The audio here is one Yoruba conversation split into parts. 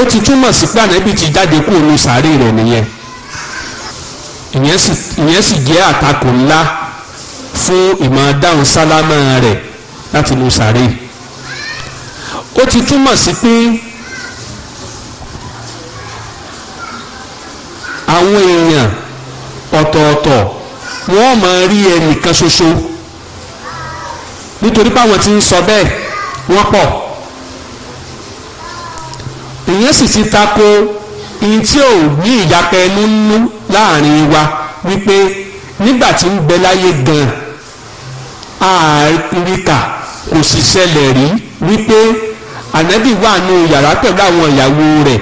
ó ti túmọ̀ sí pé ànábì ti jáde kú òun sàárè rẹ̀ nìyẹn ìyẹn sì jẹ́ àtakò ńlá fún ìmọ̀ dáhùn sálámà rẹ̀ láti lu sàárè ó ti túmọ̀ sí pé àwọn èèyàn ọ̀tọ̀ọ̀tọ̀ wọ́n máa rí ẹnìkan ṣoṣo nítorí pé àwọn tí ń sọ bẹ́ẹ̀ wọ́n pọ̀ ìyẹn sì ti tako ihun tí ò ní ìyapẹ nínú láàrin wa wípé nígbà tí ń bẹ láyé gan àríkà kò sì ṣẹlẹ̀ rí wípé ànábì wà nù yàrá pẹ̀lú àwọn ìyàwó rẹ̀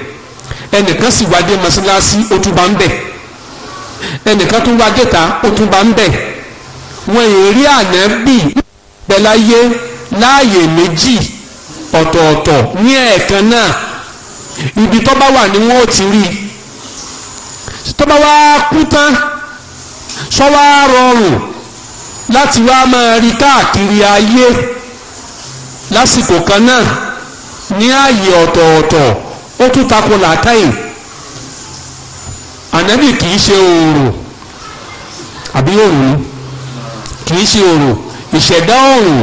ẹnìkan sì wá dé mọ́sálásí ó tún bá ń bẹ̀ ẹnìkan tún wá dé ó tún bá ń bẹ̀ wọ́n èrí ànábì bẹ láyé láàyè méjì ọ̀tọ̀ọ̀tọ̀ ní ẹ̀ẹ̀kan náà ibi tó bá wà ni wọ́n ti rí tó bá wá kú tán sọ wá rọrùn láti wá máa rí káàkiri ayé lásìkò kan náà ní ààyè ọ̀tọ̀ọ̀tọ̀ ó tún tako làákàyè ànábì kì í ṣe òòrò àbí òòrùn kì í ṣe òòrò ìṣẹ̀dá òòrùn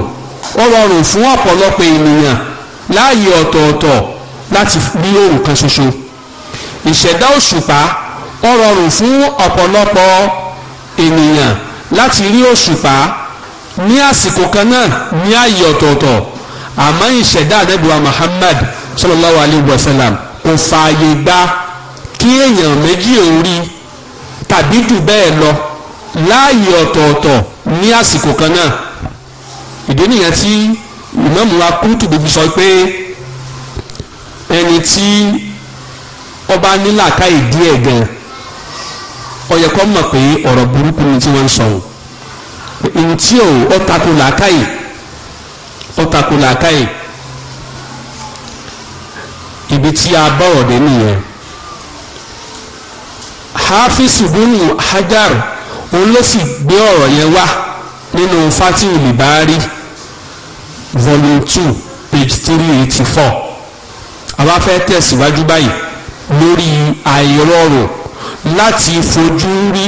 ó rọrùn fún ọ̀pọ̀lọpọ̀ ènìyàn láàyè ọ̀tọ̀ọ̀tọ̀ láti rí oòrùn kan ṣoṣo ìṣẹ̀dá òṣùpá ó rọrùn fún ọ̀pọ̀lọpọ̀ ènìyàn láti rí òṣùpá ní àsìkò kan náà ní ààyè ọ̀tọ̀ọ̀tọ̀ àmọ́ ìṣẹ̀dá àdẹ́bùwà Muhammad sallallahu alayhi wa sallam kò fààyè gbà kí èèyàn méjì ò rí tàbí jù bẹ́ẹ̀ lọ láàyè ọ̀tọ̀ọ̀tọ̀ ní àsìkò kan náà ìdí nìyẹn tí Imam wa Qurtubi fi sọ pé ẹni tí ọba nílàka ìdí ẹ̀ gan ó yẹ kó pé ọ̀rọ̀ burúkú ni tí wọ́n ń sọ̀rọ̀ èyí tí ò ó takò làákàyè ó takò ibi tí a bá ọ̀dẹ nìyẹn hafiz bunu hajar òun ló sì gbé ọ̀rọ̀ yẹn wá nínú fatih libari volume two page three eighty four àwa fẹ́ tẹ̀síwájú báyìí lórí àìrọ̀rọ̀ láti fojú rí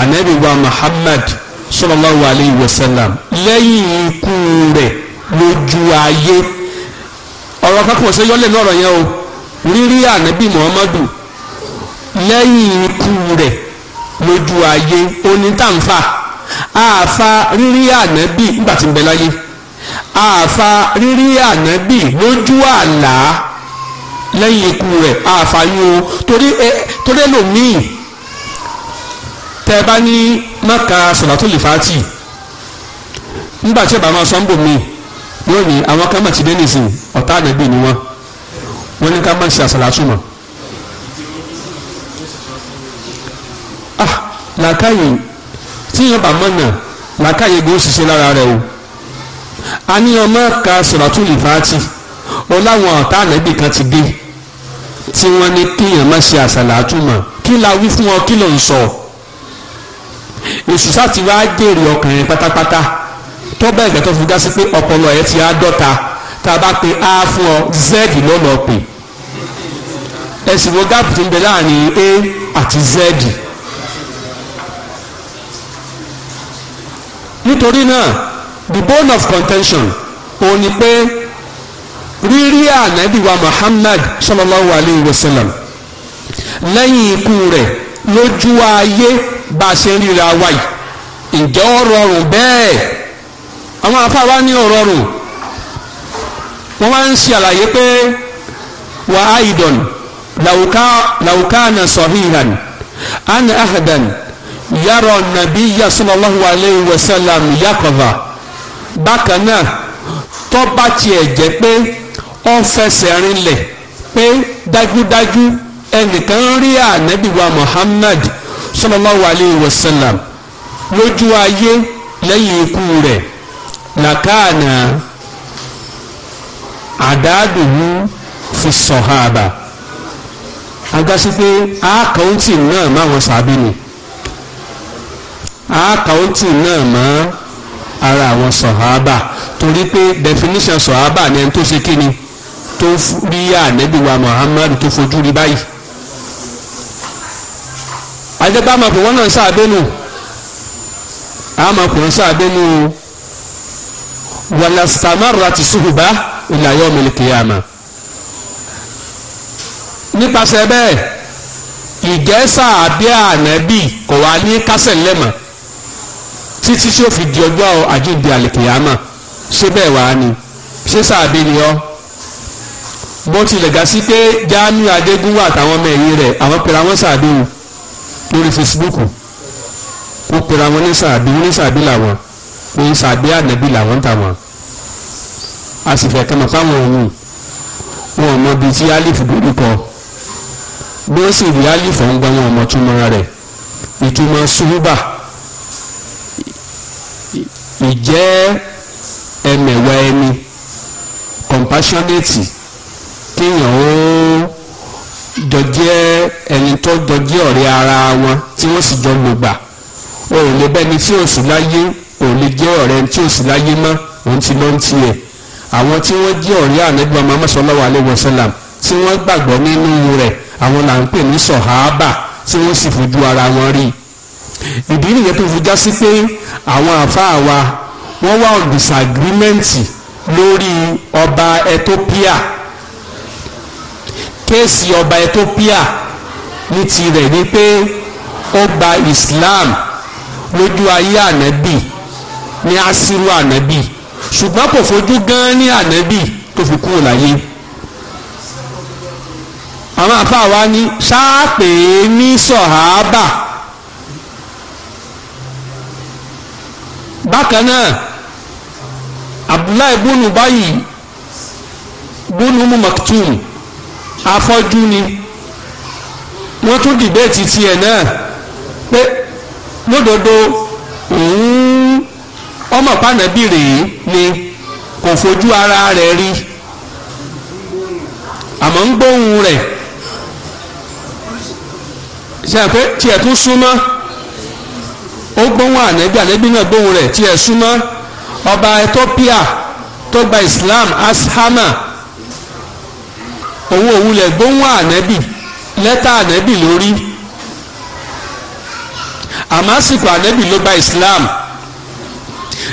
ànábì Muhammad sallallahu alayhi wa sallam lẹ́yìn ikú rẹ̀ lójú ayé ọ̀rọ̀ kankan ọ̀sẹ̀ yọ́lẹ̀ lọ́rọ̀ yẹn o rírí ànábì Muhammadu lẹ́yìn ikú rẹ̀ lójú ayé onítàǹfà àfa rírí ànábì nígbà tí ń bẹ láyé àfa rírí ànábì lójú àlá lẹ́yìn ikú rẹ̀ àfààní o torí torí ẹlòmíì tẹ́ ẹ bá ní mọ́ka sọ̀làtòlì fàátì nígbà tí ẹ bá máa sọ ń bò mí yóò ní àwọn kan mà ti dé nìsín ọ̀tá àgbẹ̀bí ni wọ́n wọ́n ní ká má ṣe àsàlátù mọ́. ah làákàyè tí yẹn bá mọ̀nà làákàyè gbé ó ṣiṣẹ́ lára rẹ̀ o a ní ọmọ ka sọ̀làtòlì fàátì ó láwọn ọ̀tá ànábì kan ti dé tí wọ́n ní kéèyàn má ṣe àṣàlátù mọ́ kí la wí fún ọ kí ló ń sọ èsù sáti wá jèrè ọkàn pátápátá tó bẹ́ẹ̀ gẹ́tọ́ fún gásí pé ọpọlọ ẹ̀ ti á dọ́ta tá a bá pe a fún ọ z lọ́lọ́ pè ẹ̀sìn wo gáàpù tó ń bẹ láàrin a àti z. nítorí náà the bone of contention òun ni pé rírí ànábì wa Muhammad sallallahu alayhi wa sallam lẹ́yìn ikú rẹ̀ lójú ayé bá a ṣe ń ríra wa yìí ǹjẹ́ ó rọrùn bẹ́ẹ̀ àwọn afáwa ní ó rọrùn wọ́n máa ń ṣe àlàyé pé wa aidan law kana sahihan an ahadan yàrá nàbí sallallahu alayhi wa sallam yaqadha bákan náà tó bá tiẹ̀ jẹ́ pé ó fẹsẹ̀ rinlẹ̀ pé dájúdájú ẹnìkan rí ànábì wa Muhammad sallallahu alayhi wa sallam lójú ayé lẹ́yìn ikú rẹ̀ làkàna àdáàdùnú fi sọ̀hábà agasi pé àkàǹtì náà má wọn sàbí ni àkàǹtì náà má ara àwọn sọ̀hábà torí pé definition sọ̀hábà ni ẹni tó ṣe kí ni tó rí ànábì wa Muhammadu tó fojú rí báyìí ajẹ́pá máa pè wọ́n náà sáàbẹ́nu a máa pè wọ́n sáàbẹ́nu wàlásàmárà ti sùhùbá ìlàyé ọmọ ìkìyàmà nípasẹ̀ bẹ́ẹ̀ ìjẹ́sà àbí ànábì kò wá ní kásẹ̀ lẹ́mọ̀ títí tí ó fi di ọjọ́ àjíǹde àlìkìyàmà ṣé bẹ́ẹ̀ wá ni ṣé sáàbẹ́ ni bó tilẹ̀ gà sí pé Jamiu Adégúnwà àtàwọn ọmọ ẹ̀yìn rẹ̀ àwọn pèrè àwọn sàdéhùn lórí Facebook wọ́n pèrè àwọn ní sàdé ní sàdé làwọn ní sàdé ànábì làwọn ń tàwọn a sì fẹ́ kẹ́mọ̀ fáwọn òun wọn mọ bíi tí alifu dojú kọ bí wọ́n sì rí alifu ń gbá wọn ọmọ túmọ̀ rẹ̀ ìtumọ̀ sùúrùbà ìjẹ́ ẹ̀mẹ̀wá ẹni compassionate kéèyàn ó jọ jẹ́ ẹni tó jọ jẹ́ ọ̀rẹ́ ara wọn tí wọ́n sì jọ gbògbà o ò lè bẹ́ni tí ò sí láyé o ò lè jẹ́ ọ̀rẹ́ tí ò sí láyé mọ́ òun ti lọ ń tiẹ̀ àwọn tí wọ́n jẹ́ ọ̀rẹ́ ànágbé ọmọ mọ́sálọ́wọ́ alẹ́ wọ̀sálàm tí wọ́n gbàgbọ́ nínú rẹ̀ àwọn là ń pè ní sọ̀háábà tí wọ́n sì fojú ara wọn rí ìdí nìyẹn tó fi já sí pé àwọn àfáà wa wọ́n wá on disagreement lórí ọba Ethiopia kéèsì ọba Ethiopia ní tirẹ̀ ni pé ó gba Islam lójú ayé ànábì ní asiru ànábì ṣùgbọ́n kò fojú gan ní ànábì tó fi kúrò láyé àwọn àfáà wa ní ṣáàpè ní sọ̀háábà bákan náà Abdullahi bunu bayi bunu mu maktum afọ́jú ni wọ́n tún dìbẹ́ẹ̀tì tiẹ̀ náà pé lódodo òun ọmọ pànàbí rèé ni kò fojú ara rẹ̀ rí àmọ́ ń gbóhùn rẹ̀ ṣe à pé tiẹ̀ tún súnmọ́ ó gbóhùn ànẹ́bí ànẹ́bí náà gbóhùn rẹ̀ tiẹ̀ súnmọ́ ọba Ethiopia tó gba Islam Ashama. òun òun lẹ̀ gbóhùn ànẹ́bì lẹ́tà ànẹ́bì lórí àmásìkò ànẹ́bì ló Islam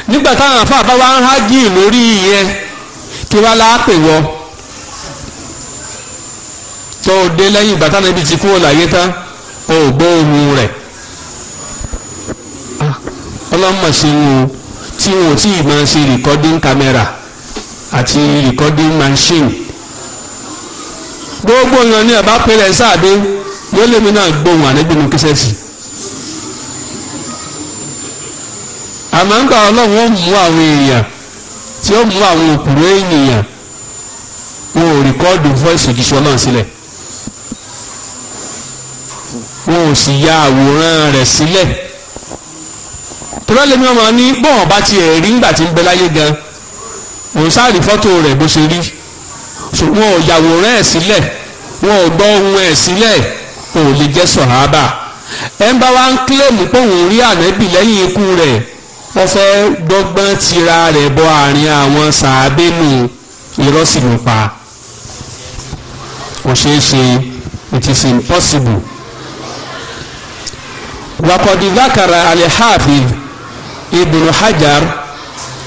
nígbà táwọn afá bá wá ń hágì lórí ìyẹn kí wá láàpè wọ tó o dé lẹ́yìn ìgbà táwọn ẹbí ti kúrò láyé tán o ò gbọ́ ohun rẹ̀ ah, ọlọ́mọ̀ sí tí wọn ò tí ì máa ṣe recording camera àti gbogbo èèyàn ní ẹ̀bá pé rẹ̀ sáàdé yóò lèmi náà gbóhùn ànábì ní kíṣẹ́ sí. àmọ́ ń gbà ọlọ́run ó mú àwọn èèyàn tí ó mú àwọn òkúrò ènìyàn wọn ò rìkọ́ọ̀dù voice òjíṣẹ́ ọlọ́run sílẹ̀ wọn ò sì ya àwòrán rẹ̀ sílẹ̀ tọ́lá lèmi ọmọ ní bọ́ọ̀ bá tiẹ̀ rí ńgbà tí ń bẹ láyé gan òun sáà rí fọ́tò rẹ̀ bó ṣe rí wọn ò yàwòrán ẹ̀ sílẹ̀ wọn ò gbọ́ ohun ẹ̀ sílẹ̀ ò lè jẹ́ sọ̀hábà ẹ̀ ń bá wa ń kílèmù pé òun rí ànábì lẹ́yìn ikú rẹ̀ wọ́n fẹ́ dọ́gbọ́n tira rẹ̀ bọ àárín àwọn sàábẹ́nù irọ́ sì ló pa kò ṣeé ṣe it is impossible. وقد ذكر الحافظ ابن حجر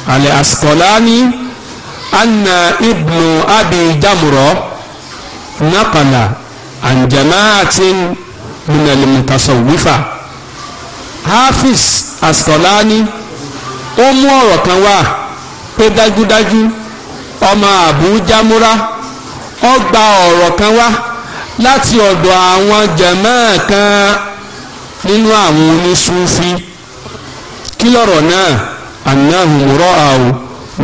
العسقلاني أن ابن أبي جمرة نقل عن جماعة من المتصوفة Hafiz Askolani ó mú ọ̀rọ̀ kan wá pé dájúdájú abụ jamura ọ gba ọrọ kan láti ọ̀dọ̀ àwọn kan nínú àwọn oníṣúfí kí lọ̀rọ̀ náà àná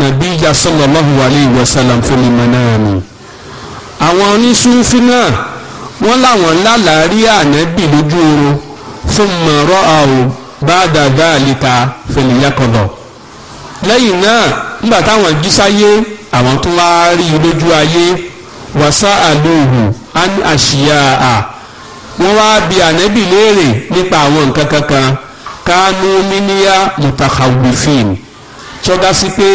nàbíyà sallallahu alayhi wa sallam fil manami àwọn onísúnfí náà wọ́n láwọn lálàárí ànábì lójú oorun fún mọ̀rọ́ àwò ba'da dhalika fil yaqada lẹ́yìn náà nígbà táwọn jí sáyé àwọn tó wá rí i lójú ayé wàsá àlóhùn an àṣìyà à wọ́n wá bi ànábì léèrè nípa àwọn nǹkan kankan kánú mímíyá mùtàkàwùfín tọ́gá pé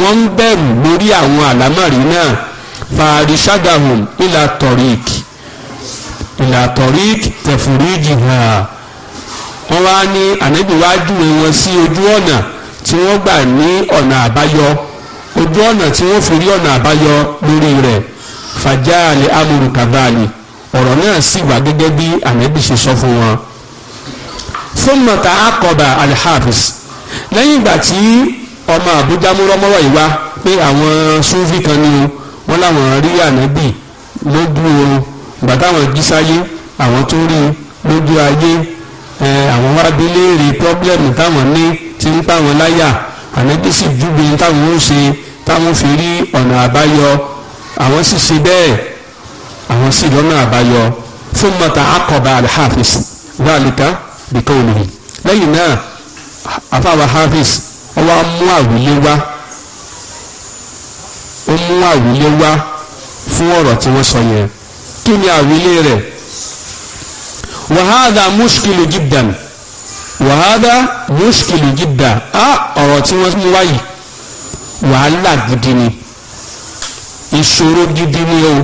wọ́n ń bẹ̀rù lórí àwọn àlámọ̀rí náà fàárí ṣàgàhùn ìlà tọ̀rík ìlà tọ̀rík tẹ̀fùrìjì hà wọ́n wá ní ànábìwájú wọn sí ojú ọ̀nà tí wọ́n gbà ní ọ̀nà àbáyọ ojú ọ̀nà tí wọ́n fi rí ọ̀nà àbáyọ lórí rẹ̀ fàjáàlì amúrù kàbáàlì ọ̀rọ̀ náà sì wà gẹ́gẹ́ bí ànábì ṣe sọ fún wọn. fún mọ̀tà àkọ́bà alhafiz lẹ́yìn ìgbà tí ọmọ àbújá múrọ́mọ́rọ́ yìí wá pé àwọn súnfì kan ni o wọ́n láwọn rí ànábì lójú oorun ìgbà táwọn jí sáyé àwọn tó rí lójú ayé àwọn wá bí léèrè pọ́blẹ́mù táwọn ní ti ń pa wọn láyà ànábì sì júbe táwọn ó ṣe táwọn fi rí ọ̀nà àbáyọ àwọn sì ṣe bẹ́ẹ̀ àwọn sì lọ́nà àbáyọ fún mọ́ta akọba alhafiz dhalika bìkọ́ òmìnir lẹ́yìn náà afáwa hafiz wọ́n wá mú àwílé wá ó mú àwílé wá fún ọ̀rọ̀ tí wọ́n sọ yẹn kí ni àwílé rẹ̀ wàhádà múṣkìlù jìdàn wàhádà múṣkìlù jìdàn á ọ̀rọ̀ tí wọ́n mú wáyìí wàhálà gidi ni ìṣòro gidi ni o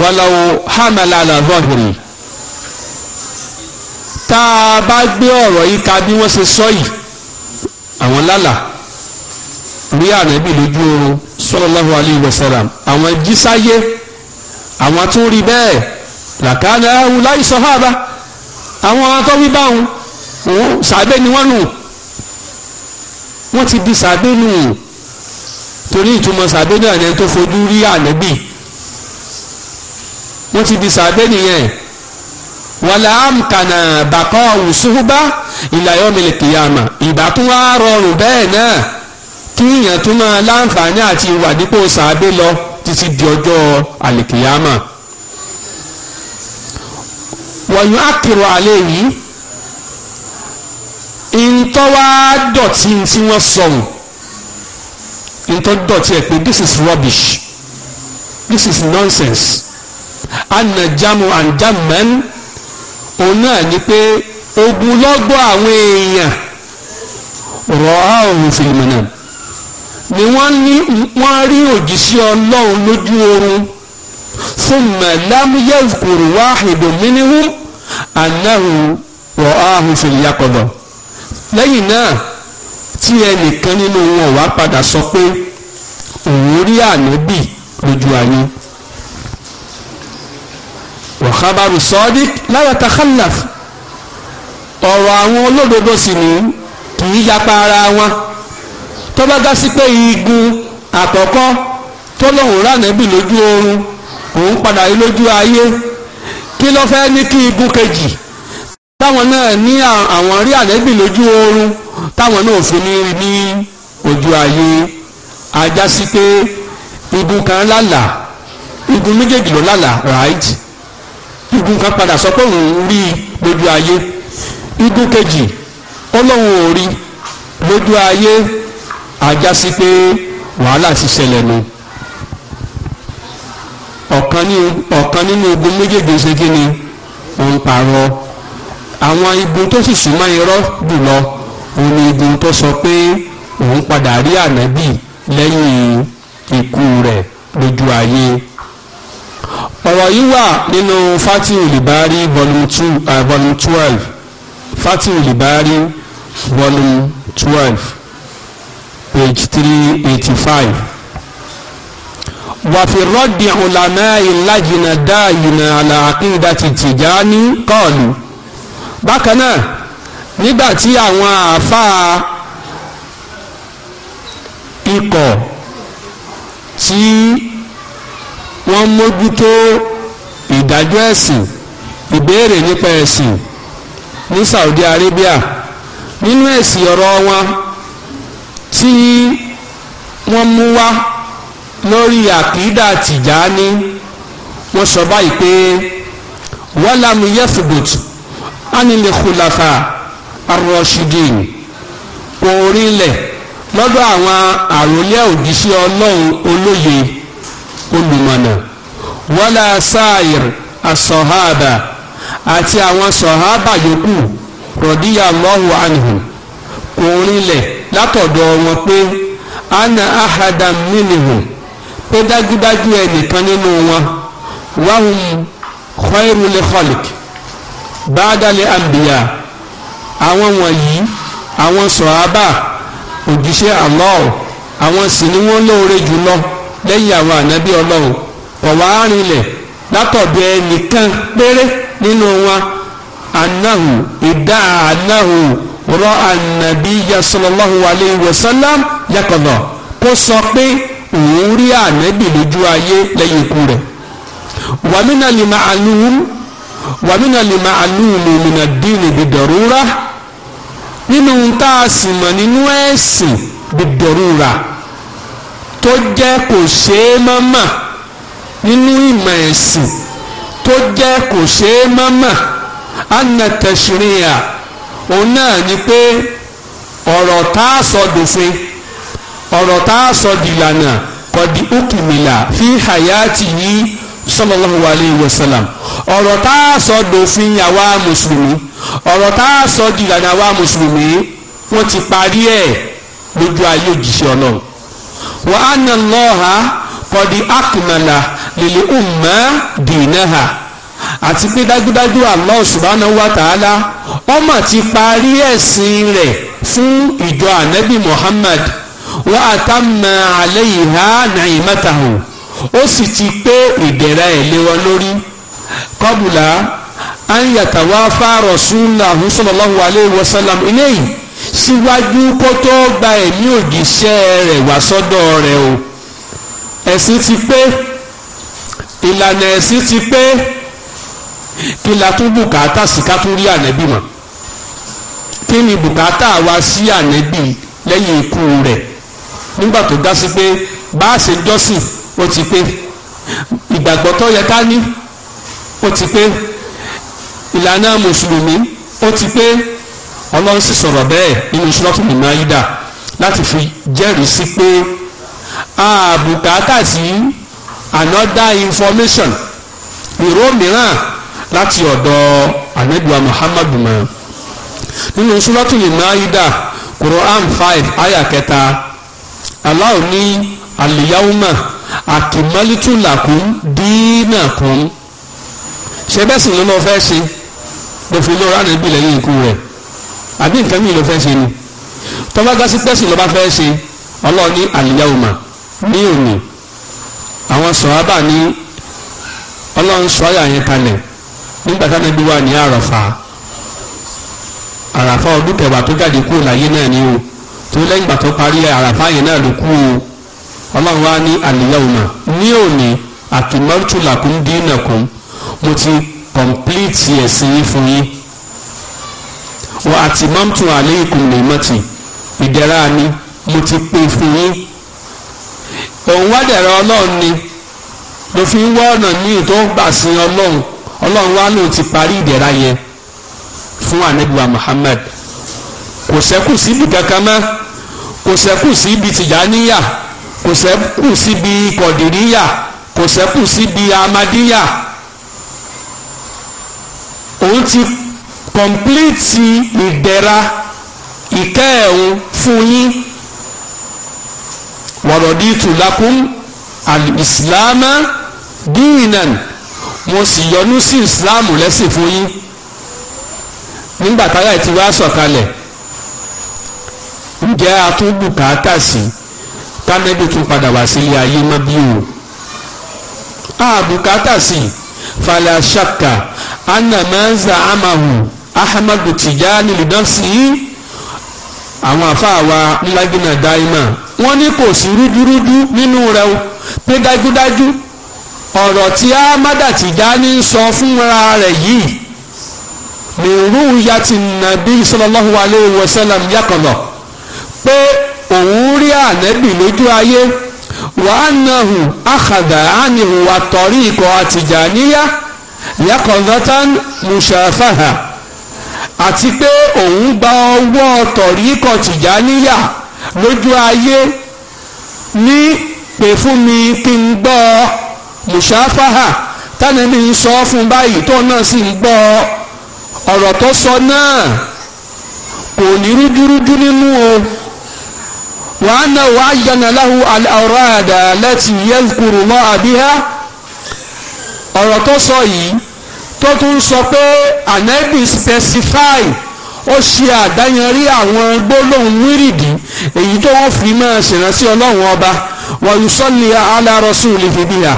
wàláwo hàmàlà àlàbọ̀hìrì tá a bá gbé ọ̀rọ̀ yìí ka bí wọ́n ṣe sọ yìí àwọn lálà rí ànábì lójú oorun sallallahu alayhi wa sallam àwọn jísáyé àwọn tó rí bẹ́ẹ̀ làkàlà awùláyì sọ̀hábà àwọn atọ́wí báwọn òun sàbẹ̀ ni wọ́n nù wọ́n ti di sàbẹ̀ nù torí ìtumọ̀ sàbẹ̀ náà ni tó fojú rí ànábì wọ́n ti di sàbẹ̀ nìyẹn wàlà àmkànà bàkọ́ òṣùbà ìlàyọ̀ mẹlẹ̀ kìyàmà ìbá tún wá rọrùn bẹ́ẹ̀ náà kí èèyàn tún máa láǹfààní àti ìwà dípò sàábé lọ títí di ọjọ́ àlìkìyàmà. wọ̀nyún àkìrò àlẹ́ yìí ìntọ́wá dọ̀tí tí wọ́n sọ̀rọ̀ ìntọ́ dọ̀tí ẹ̀ pé this is rubbish this is nonsense anna jamu òun náà ni pé ogunlọ́gọ̀ àwọn èèyàn rọ́ọ̀ òun fìlìmọ̀nà ni wọ́n ní wọ́n rí òjíṣẹ́ ọlọ́run lójú oorun thumma lam yazkur wahidun minhum annahu rọ́ọ̀ fìlìyàkọ̀dọ̀ lẹ́yìn náà tí ẹnìkan nínú wọn wá padà sọ pé òun rí ànábì lójú ayé wa khabaru sadiq la ọ̀rọ̀ àwọn olódodo sì ní kì í yapa ara wọn tó bá dá sí pé igun àkọ́kọ́ tó lòun rà nẹ́bì lójú oorun òun padà rí lójú ayé kí ló fẹ́ ní kí igun kejì táwọn náà ní àwọn rí ànẹ́bì lójú oorun táwọn náà fi ní rí ní ojú ayé ajá sí pé igun kan lálàá igun méjèèjì ló lálàá right igun kan padà sọ pé òun rí lójú ayé igun kejì ọlọ́run ò rí lójú ayé àjásí pé wàhálà ti ṣẹlẹ̀ nù ọ̀kan nínú ogun méjèèjì ṣe kí ni òun pààrọ̀ àwọn igun tó sì súnmọ́ irọ́ jùlọ òun ni igun tó sọ pé òun padà rí ànábì lẹ́yìn ikú rẹ̀ lójú ayé ọ̀rọ̀ yìí wà nínú Fathul Bari volume eh, twelve Fathul Bari volume twelve page three eighty five wàfi rọ́dì ọ̀làmẹ́ ìlàjìnà dáàyìnà àlàákìdá ti Tijani kọ́ọ̀lù bákan náà nígbà tí àwọn àáfàá ikọ̀ tí wọ́n mójútó ìdájọ́ ẹ̀sìn ìbéèrè nípa ẹ̀sìn ní Saudi Arabia nínú ẹ̀sìn ọ̀rọ̀ wọn tí wọ́n mú wá lórí àkídà Tìjàní wọ́n sọ báyìí pé wàlámù yẹ́fùbùt ánilẹ̀ khulafa arọ́ṣídìn kò rinlẹ̀ lọ́dọ̀ àwọn àròlé òjíṣẹ́ ọlọ́run olóye olùmọ̀nà wàlá sáàyìr asọ̀hábà àti àwọn sọ̀hábà yòókù rọ̀díyà lọ́hùn ànihùn kò rinlẹ̀ látọ̀dọ̀ wọn pé anna ahada minihùn pé dájúdájú ẹnìkan nínú wọn wahum khairul khalik ba'dal anbiya àwọn wọ̀nyí àwọn sọ̀hábà òjíṣẹ́ Allah àwọn sì ni wọ́n lóore jùlọ lẹ́yìn àwọn ànábì ọlọ́run ọ̀wá rinlẹ̀ látọ̀dọ̀ ẹnìkan péré nínú wọn anahu ìdá anahu rọ anabiya sallallahu alayhi wa sallam yakọ̀dọ̀ kó sọ pé òun rí ànábì lójú ayé lẹ́yìn ikú rẹ̀ wàmínà lè máa lù ú wàmínà lè máa lù ú lè dín níbi dọ̀rúra nínú tá a sì mọ̀ nínú ẹ̀sìn bìdọ̀rúra tó jẹ́ kò ṣeé mọ́mọ́ nínú ìmọ̀ ẹ̀sìn tó jẹ́ kò ṣeé mọ́mọ́ anna tashri'a òun náà ni pé ọ̀rọ̀ tá a sọ dòfin ọ̀rọ̀ tá a sọ dìlànà kọ̀dí ukimila fi hayati yìí sallallahu alayhi wa sallam ọ̀rọ̀ tá a sọ dòfin àwa mùsùlùmí ọ̀rọ̀ tá a sọ dìlànà àwa mùsùlùmí wọ́n ti parí ẹ̀ lójú ayé òjìṣẹ́ ọlọ́run wa anna Allaha kọ̀dí akmala lèlè umma dìínàhà àti pé dájúdájú Allah subhanahu wa ta'ala ọmọ ti parí ẹ̀sìn rẹ̀ fún ìjọ ànábì Muhammad wa atamma alayha na'imatahu ó sì ti pé ìdẹ̀ra ẹ̀ lé wọn lórí kọ́bùlà an yatawafa rasulahu sallallahu alayhi wa sallam síwájú kó gba ẹ̀mí òjíṣẹ́ rẹ̀ wá sọ́dọ̀ rẹ̀ o ẹ̀sìn ti pé ìlànà ẹ̀sìn ti pé kí la tún bùkátà sí ká tún rí ànẹ́bí mọ̀ kí ni bùkátà wa sí ànẹ́bí lẹ́yìn ikú rẹ̀ nígbà tó dá sí pé bá a ṣe jọ́sìn ó ti pé ìgbàgbọ́ tó yẹ ká ní ó ti pé ìlànà mùsùlùmí ó ti pé ọlọ́run sì sọ̀rọ̀ bẹ́ẹ̀ nínú sọ́tún Máídà láti fi jẹ́rìí sí pé a sí. Si another information ìró mìíràn láti ọ̀dọ̀ anabiwa muhammadu ma nínú suratul maida quran five aya kẹta Allah ní aliyahuma akimalitu lakum dinakum ṣe bẹ́ẹ̀ sì ló lọ́ọ́ fẹ́ ṣe lófin lóra ànábì lẹ́yìn ikú rẹ̀ àbí nǹkan mìíràn ló fẹ́ ṣe ni tọ́ba gasi pẹ́sì ló bá fẹ́ ṣe Allah aliyahuma ní òní àwọn sọ̀hábà ní ọlọ́run sọ àyà yẹn kalẹ̀ nígbà táwọn ẹbí wà ní àràfà àràfà ọdún kẹwàá tó jáde kúrò láyé náà ni o tó lẹ́yìn ìgbà tó parí àràfà yẹn náà ló kú o ọlọ́run wá ní àlìyáwòmà ní òní àkìmọ́tù làkún dínàkún mo ti kọ̀m̀plíìtì ẹ̀sìn yín fún yín wọ́n àtìmọ́tù àléékùn lèmọ́tì ìdẹ̀ra ni mo ti pè fún yín òun wá dẹ̀rẹ̀ ọlọ́run ni mo fi ń wá ọ̀nà míì tó ń gbà sin ọlọ́run ọlọ́run wá lóun ti parí ìdẹ̀ra yẹn fún anabiwa Muhammad kò sẹ́kù síbi kankan mọ́ kò sẹ́kù síbi tìjàníyà kò sẹ́kù síbi kọ̀dìríyà kò sẹ́kù síbi amadíyà òun ti kọ̀m̀plíìtì ìdẹ̀ra ìkẹ́ ẹ̀hún fún yín. waraditu lakum al-islama díìnàn mo sì yọ́nú sí ìsìláàmù lẹ́sìn fún yín nígbà táyà ti wá sọ̀kalẹ̀ ǹjẹ́ a tún bùkátà sí kánẹ́bí tún padà wá sílé ayé mọ́ bí o a bùkátà sí fàlà ṣàkà anamẹ́nsà amahu ahmadu tijani lùdọ́sí àwọn àfáàwa ńlágínà dáímà wọ́n ní kò sí rúdurùdu nínú rẹ̀ o pé dájúdájú ọ̀rọ̀ tí Ahmada Tijani ń sọ fúnra rẹ̀ yìí mìíràn yàtì nàbí sallallahu alayhi wa sallam yàkọ̀lọ̀ pé òun rí ànẹ́bì lójú ayé wàhánàhù àkàdà ànihù àtọ̀rí ikọ̀ àtìjàníyá yàkọ̀lọ́tàn mùsàfàhà àti pé òun gba ọwọ́ tọ̀rí ikọ̀ tìjàníyá lójú ayé ní pè fún mi kí n gbọ́ mùsáfáhà tánàbí ń sọ fún báyìí tó náà sì ń gbọ́ ọ̀rọ̀ tó sọ náà kò ní rújúrújú nínú o wàá náà wàá yànnà láhùn àlọ́ àdá láti yẹ mọ́ àbíhá ọ̀rọ̀ tó sọ yìí tó tún sọ pé ànábì specify ó ṣe àdáyanrí àwọn gbólóhùn wírìdì èyí tó wọ́n fi máa ṣèrántí ọlọ́run ọba wàyùsọ́lì alárọ̀sù lìfìbíyà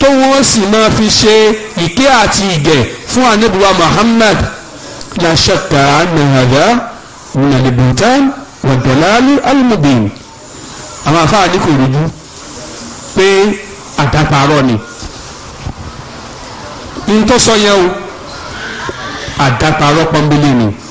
tó wọ́n sì máa fi ṣe ìkẹ́ àti ìgẹ̀ fún anábìwá Muhammad làṣẹkà nàhàdà nàlẹ́bùtàn wàdàlálù almubin àwọn afáàní kò rújú pé àdàparọ́ ni ní tó sọ yẹn o àdàparọ́ pọ́nbélé ni.